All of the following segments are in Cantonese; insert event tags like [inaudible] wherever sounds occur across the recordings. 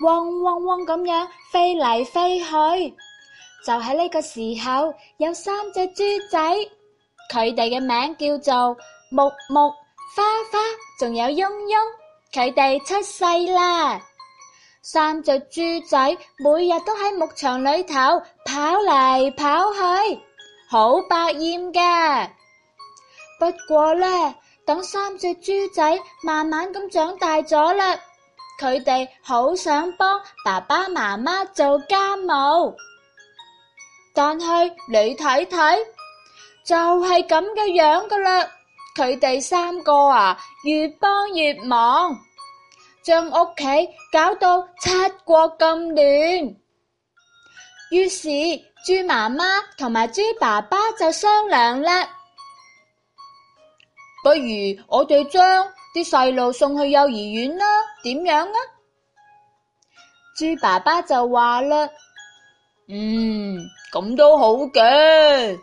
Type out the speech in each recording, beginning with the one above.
嗡嗡嗡咁樣飛嚟飛去，就喺呢個時候有三隻豬仔，佢哋嘅名叫做木木、花花，仲有翁翁，佢哋出世啦。三隻豬仔每日都喺牧場裏頭跑嚟跑去，好百厭㗎。不過咧，等三隻豬仔慢慢咁長大咗啦。佢哋好想幫爸爸媽媽做家務，但係你睇睇就係咁嘅樣噶啦。佢哋三個啊，越幫越忙，將屋企搞到七國咁亂。於是豬媽媽同埋豬爸爸就商量啦，不如我哋將啲細路送去幼兒園啦。點樣啊？豬爸爸就話啦，嗯，咁都好嘅。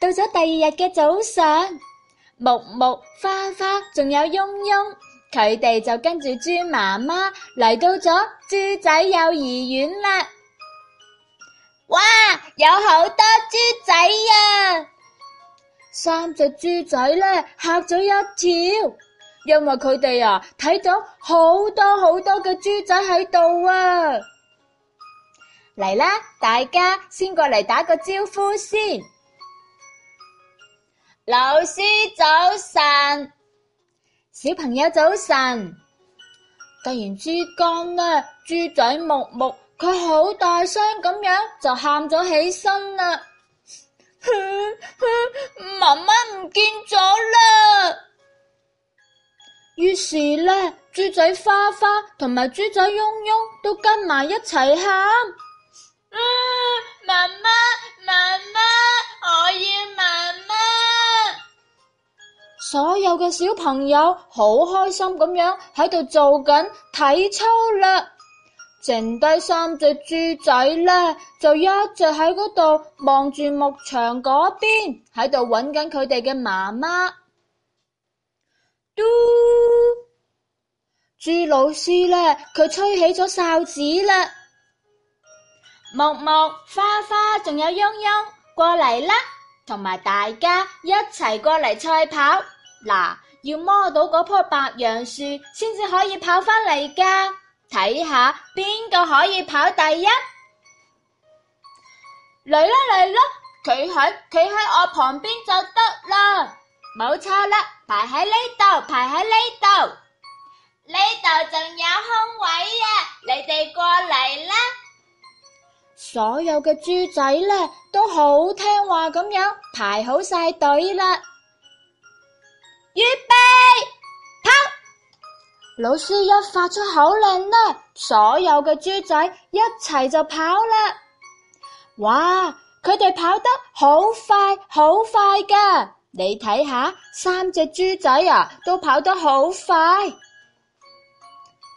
到咗第二日嘅早上，木木、花花仲有邕邕，佢哋就跟住豬媽媽嚟到咗豬仔幼兒園啦。哇，有好多豬仔啊！三隻豬仔咧，嚇咗一跳。因為佢哋啊睇咗好多好多嘅豬仔喺度啊！嚟啦，大家先過嚟打個招呼先。老師早晨，小朋友早晨。突然之間呢，豬仔木木佢好大聲咁樣就喊咗起身 [laughs] 啦！媽媽唔見咗啦！於是呢，豬仔花花同埋豬仔庸庸都跟埋一齊喊，嗯，媽媽媽媽，我要媽媽！所有嘅小朋友好開心咁樣喺度做緊體操啦，剩低三隻豬仔呢，就一直喺嗰度望住牧場嗰邊，喺度揾緊佢哋嘅媽媽。嘟！朱老師呢？佢吹起咗哨子啦，木木、花花仲有央央過嚟啦，同埋大家一齊過嚟賽跑。嗱，要摸到嗰棵白楊樹先至可以跑返嚟㗎。睇下邊個可以跑第一？嚟啦嚟啦，企喺企喺我旁邊就得啦。冇錯啦，排喺呢度，排喺呢度，呢度仲有空位啊！你哋過嚟啦。所有嘅豬仔咧都好聽話咁樣排好晒隊啦。預備，跑！老師一發出口令啦，所有嘅豬仔一齊就跑啦。哇！佢哋跑得好快，好快噶～你睇下，三隻豬仔啊，都跑得好快。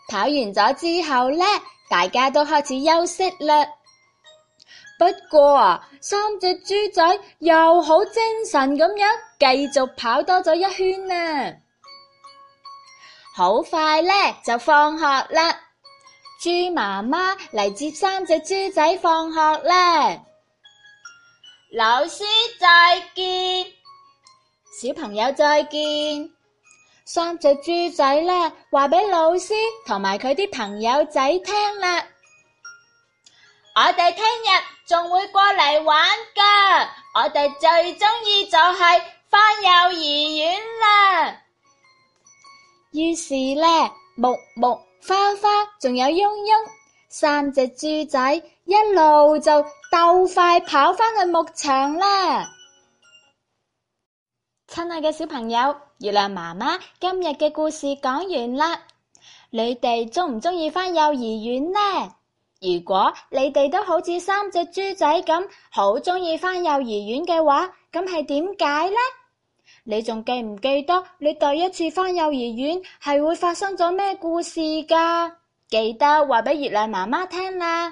跑完咗之後呢，大家都開始休息啦。不過啊，三隻豬仔又好精神咁樣，繼續跑多咗一圈啊。好快呢，就放學啦。豬媽媽嚟接三隻豬仔放學啦。老師再見。小朋友再見，三隻豬仔呢，話俾老師同埋佢啲朋友仔聽啦。我哋聽日仲會過嚟玩噶，我哋最中意就係翻幼兒園啦。於是呢，木木花花仲有邕邕三隻豬仔一路就鬥快跑翻去牧場啦。親愛嘅小朋友，月亮媽媽今日嘅故事講完啦。你哋鍾唔鍾意返幼兒園呢？如果你哋都好似三隻豬仔咁好鍾意返幼兒園嘅話，咁係點解呢？你仲記唔記得你第一次返幼兒園係會發生咗咩故事㗎？記得話俾月亮媽媽聽啦。